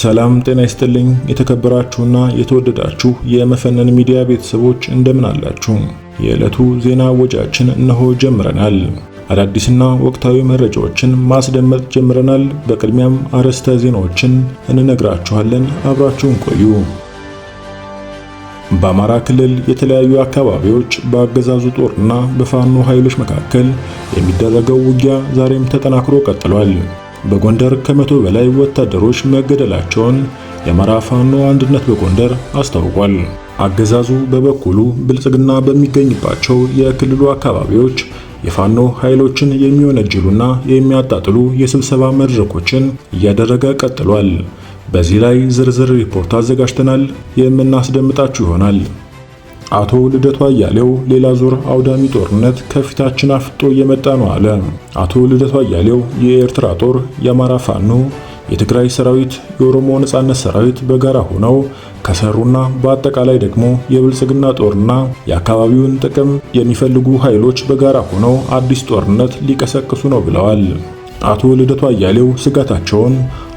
ሰላም ጤና ይስጥልኝ። የተከበራችሁና የተወደዳችሁ የመፈነን ሚዲያ ቤተሰቦች እንደምን አላችሁ? የዕለቱ ዜና ወጃችን እነሆ ጀምረናል። አዳዲስና ወቅታዊ መረጃዎችን ማስደመጥ ጀምረናል። በቅድሚያም አርዕስተ ዜናዎችን እንነግራችኋለን። አብራችሁን ቆዩ። በአማራ ክልል የተለያዩ አካባቢዎች በአገዛዙ ጦርና በፋኖ ኃይሎች መካከል የሚደረገው ውጊያ ዛሬም ተጠናክሮ ቀጥሏል። በጎንደር ከመቶ በላይ ወታደሮች መገደላቸውን የአማራ ፋኖ አንድነት በጎንደር አስታውቋል። አገዛዙ በበኩሉ ብልጽግና በሚገኝባቸው የክልሉ አካባቢዎች የፋኖ ኃይሎችን የሚወነጅሉና የሚያጣጥሉ የስብሰባ መድረኮችን እያደረገ ቀጥሏል። በዚህ ላይ ዝርዝር ሪፖርት አዘጋጅተናል፣ የምናስደምጣችሁ ይሆናል። አቶ ልደቱ አያሌው ሌላ ዙር አውዳሚ ጦርነት ከፊታችን አፍጦ እየመጣ ነው አለ። አቶ ልደቱ አያሌው የኤርትራ ጦር፣ የአማራ ፋኖ፣ የትግራይ ሰራዊት፣ የኦሮሞ ነጻነት ሰራዊት በጋራ ሆነው ከሰሩና በአጠቃላይ ደግሞ የብልጽግና ጦርና የአካባቢውን ጥቅም የሚፈልጉ ኃይሎች በጋራ ሆነው አዲስ ጦርነት ሊቀሰቅሱ ነው ብለዋል። አቶ ልደቱ አያሌው ስጋታቸውን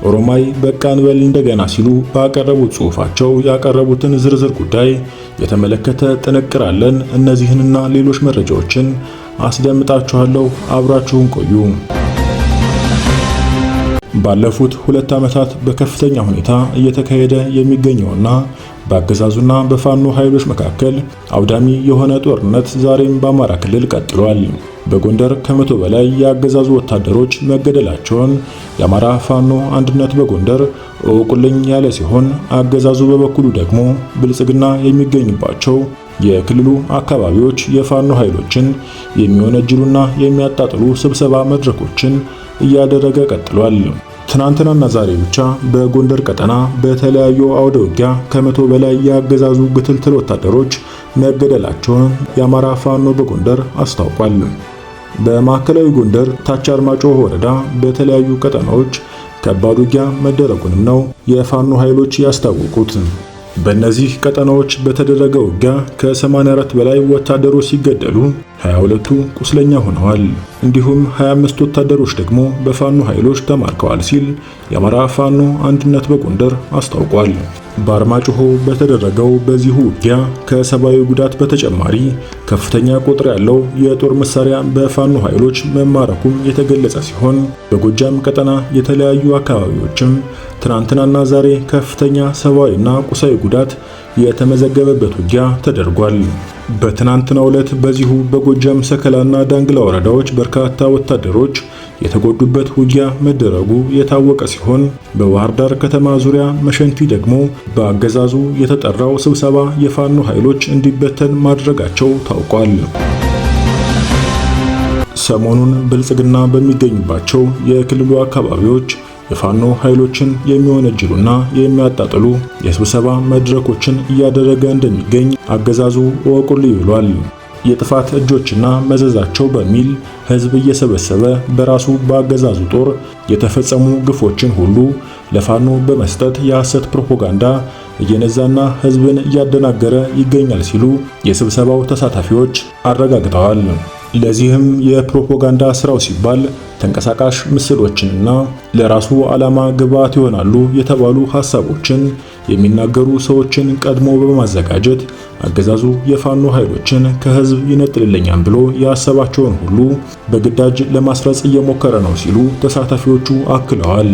ኦሮማይ በቃ እንበል እንደገና ሲሉ ባቀረቡት ጽሑፋቸው ያቀረቡትን ዝርዝር ጉዳይ የተመለከተ ጥንቅር አለን። እነዚህንና ሌሎች መረጃዎችን አስደምጣችኋለሁ። አብራችሁን ቆዩ። ባለፉት ሁለት ዓመታት በከፍተኛ ሁኔታ እየተካሄደ የሚገኘውና በአገዛዙና በፋኖ ኃይሎች መካከል አውዳሚ የሆነ ጦርነት ዛሬም በአማራ ክልል ቀጥሏል። በጎንደር ከመቶ በላይ የአገዛዙ ወታደሮች መገደላቸውን የአማራ ፋኖ አንድነት በጎንደር እውቁልኝ ያለ ሲሆን አገዛዙ በበኩሉ ደግሞ ብልጽግና የሚገኝባቸው የክልሉ አካባቢዎች የፋኖ ኃይሎችን የሚወነጅሉና የሚያጣጥሉ ስብሰባ መድረኮችን እያደረገ ቀጥሏል። ትናንትናና ዛሬ ብቻ በጎንደር ቀጠና በተለያዩ አውደ ውጊያ ከመቶ በላይ ያገዛዙ ግትልትል ወታደሮች መገደላቸውን የአማራ ፋኖ በጎንደር አስታውቋል። በማዕከላዊ ጎንደር ታች አርማጭሆ ወረዳ በተለያዩ ቀጠናዎች ከባድ ውጊያ መደረጉንም ነው የፋኖ ኃይሎች ያስታወቁት። በእነዚህ ቀጠናዎች በተደረገ ውጊያ ከ84 በላይ ወታደሮች ሲገደሉ 22ቱ ቁስለኛ ሆነዋል። እንዲሁም 25 ወታደሮች ደግሞ በፋኖ ኃይሎች ተማርከዋል ሲል የአማራ ፋኖ አንድነት በጎንደር አስታውቋል። በአርማጭሆ በተደረገው በዚሁ ውጊያ ከሰብአዊ ጉዳት በተጨማሪ ከፍተኛ ቁጥር ያለው የጦር መሳሪያ በፋኖ ኃይሎች መማረኩም የተገለጸ ሲሆን በጎጃም ቀጠና የተለያዩ አካባቢዎችም ትናንትናና ዛሬ ከፍተኛ ሰብአዊና ቁሳዊ ጉዳት የተመዘገበበት ውጊያ ተደርጓል። በትናንትናው ዕለት በዚሁ በጎጃም ሰከላና ዳንግላ ወረዳዎች በርካታ ወታደሮች የተጎዱበት ውጊያ መደረጉ የታወቀ ሲሆን በባህር ዳር ከተማ ዙሪያ መሸንቲ ደግሞ በአገዛዙ የተጠራው ስብሰባ የፋኖ ኃይሎች እንዲበተን ማድረጋቸው ታውቋል። ሰሞኑን ብልጽግና በሚገኝባቸው የክልሉ አካባቢዎች የፋኖ ኃይሎችን የሚወነጅሉና የሚያጣጥሉ የስብሰባ መድረኮችን እያደረገ እንደሚገኝ አገዛዙ እወቁልኝ ብሏል። የጥፋት እጆችና መዘዛቸው በሚል ህዝብ እየሰበሰበ በራሱ በአገዛዙ ጦር የተፈጸሙ ግፎችን ሁሉ ለፋኖ በመስጠት የሐሰት ፕሮፓጋንዳ እየነዛና ህዝብን እያደናገረ ይገኛል ሲሉ የስብሰባው ተሳታፊዎች አረጋግጠዋል። ለዚህም የፕሮፓጋንዳ ስራው ሲባል ተንቀሳቃሽ ምስሎችንና ለራሱ ዓላማ ግብዓት ይሆናሉ የተባሉ ሐሳቦችን የሚናገሩ ሰዎችን ቀድሞ በማዘጋጀት አገዛዙ የፋኖ ኃይሎችን ከህዝብ ይነጥልልኛል ብሎ ያሰባቸውን ሁሉ በግዳጅ ለማስረጽ እየሞከረ ነው ሲሉ ተሳታፊዎቹ አክለዋል።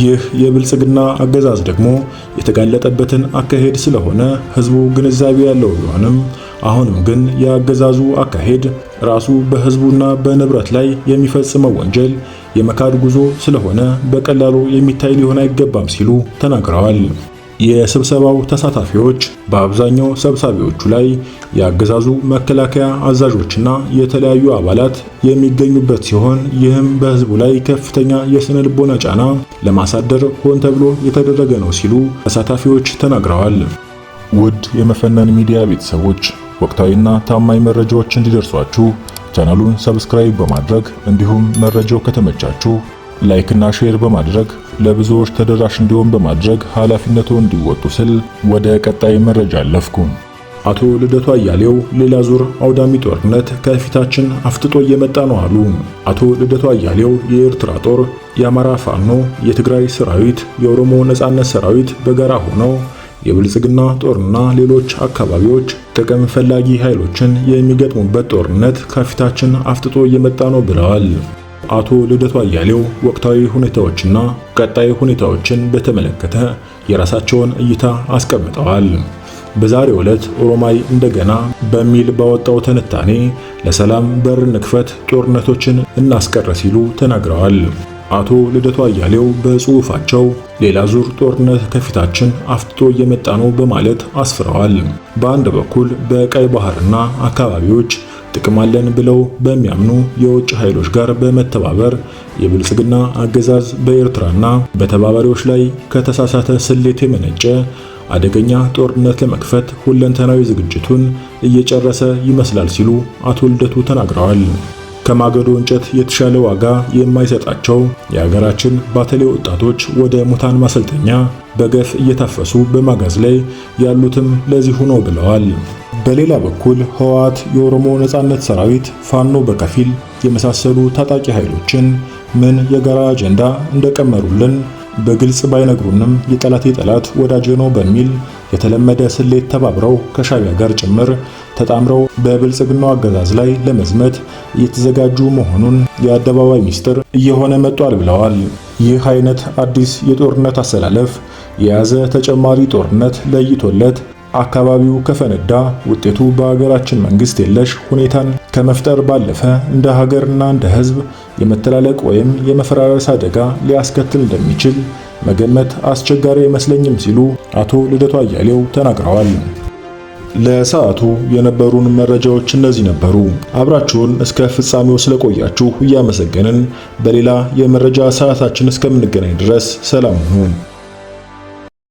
ይህ የብልጽግና አገዛዝ ደግሞ የተጋለጠበትን አካሄድ ስለሆነ ህዝቡ ግንዛቤ ያለው ቢሆንም አሁንም ግን የአገዛዙ አካሄድ ራሱ በህዝቡና በንብረት ላይ የሚፈጽመው ወንጀል የመካድ ጉዞ ስለሆነ በቀላሉ የሚታይ ሊሆን አይገባም ሲሉ ተናግረዋል። የስብሰባው ተሳታፊዎች በአብዛኛው ሰብሳቢዎቹ ላይ የአገዛዙ መከላከያ አዛዦችና የተለያዩ አባላት የሚገኙበት ሲሆን ይህም በህዝቡ ላይ ከፍተኛ የስነ ልቦና ጫና ለማሳደር ሆን ተብሎ የተደረገ ነው ሲሉ ተሳታፊዎች ተናግረዋል። ውድ የመፈነን ሚዲያ ቤተሰቦች ወቅታዊና ታማኝ መረጃዎች እንዲደርሷችሁ ቻናሉን ሰብስክራይብ በማድረግ እንዲሁም መረጃው ከተመቻችሁ ላይክና ሼር በማድረግ ለብዙዎች ተደራሽ እንዲሆን በማድረግ ኃላፊነቱን እንዲወጡ ስል ወደ ቀጣይ መረጃ አለፍኩ። አቶ ልደቱ አያሌው ሌላ ዙር አውዳሚ ጦርነት ከፊታችን አፍጥጦ እየመጣ ነው አሉ። አቶ ልደቱ አያሌው የኤርትራ ጦር፣ የአማራ ፋኖ፣ የትግራይ ሰራዊት፣ የኦሮሞ ነጻነት ሰራዊት በጋራ ሆነው የብልጽግና ጦርና ሌሎች አካባቢዎች ጥቅም ፈላጊ ኃይሎችን የሚገጥሙበት ጦርነት ከፊታችን አፍጥጦ እየመጣ ነው ብለዋል። አቶ ልደቱ አያሌው ወቅታዊ ሁኔታዎችና ቀጣይ ሁኔታዎችን በተመለከተ የራሳቸውን እይታ አስቀምጠዋል። በዛሬው ዕለት ኦሮማይ እንደገና በሚል ባወጣው ትንታኔ ለሰላም በር ንክፈት ጦርነቶችን እናስቀረ ሲሉ ተናግረዋል። አቶ ልደቱ አያሌው በጽሑፋቸው ሌላ ዙር ጦርነት ከፊታችን አፍጥጦ እየመጣ ነው በማለት አስፍረዋል። በአንድ በኩል በቀይ ባህርና አካባቢዎች ጥቅም አለን ብለው በሚያምኑ የውጭ ኃይሎች ጋር በመተባበር የብልጽግና አገዛዝ በኤርትራና በተባባሪዎች ላይ ከተሳሳተ ስሌት የመነጨ አደገኛ ጦርነት ለመክፈት ሁለንተናዊ ዝግጅቱን እየጨረሰ ይመስላል ሲሉ አቶ ልደቱ ተናግረዋል። ከማገዶ እንጨት የተሻለ ዋጋ የማይሰጣቸው የሀገራችን ባተሌ ወጣቶች ወደ ሙታን ማሰልጠኛ በገፍ እየታፈሱ በማጋዝ ላይ ያሉትም ለዚሁ ነው ብለዋል። በሌላ በኩል ህወሓት የኦሮሞ ነጻነት ሰራዊት፣ ፋኖ በከፊል የመሳሰሉ ታጣቂ ኃይሎችን ምን የጋራ አጀንዳ እንደቀመሩልን በግልጽ ባይነግሩንም የጠላት የጠላት ወዳጅ ነው በሚል የተለመደ ስሌት ተባብረው ከሻቢያ ጋር ጭምር ተጣምረው በብልጽግናው አገዛዝ ላይ ለመዝመት እየተዘጋጁ መሆኑን የአደባባይ ሚስጥር እየሆነ መጥቷል ብለዋል። ይህ አይነት አዲስ የጦርነት አሰላለፍ የያዘ ተጨማሪ ጦርነት ለይቶለት አካባቢው ከፈነዳ ውጤቱ በሀገራችን መንግስት የለሽ ሁኔታን ከመፍጠር ባለፈ እንደ ሀገርና እንደ ሕዝብ የመተላለቅ ወይም የመፈራረስ አደጋ ሊያስከትል እንደሚችል መገመት አስቸጋሪ አይመስለኝም ሲሉ አቶ ልደቱ አያሌው ተናግረዋል። ለሰዓቱ የነበሩን መረጃዎች እነዚህ ነበሩ። አብራችሁን እስከ ፍጻሜው ስለቆያችሁ እያመሰገንን በሌላ የመረጃ ሰዓታችን እስከምንገናኝ ድረስ ሰላም ሁኑ።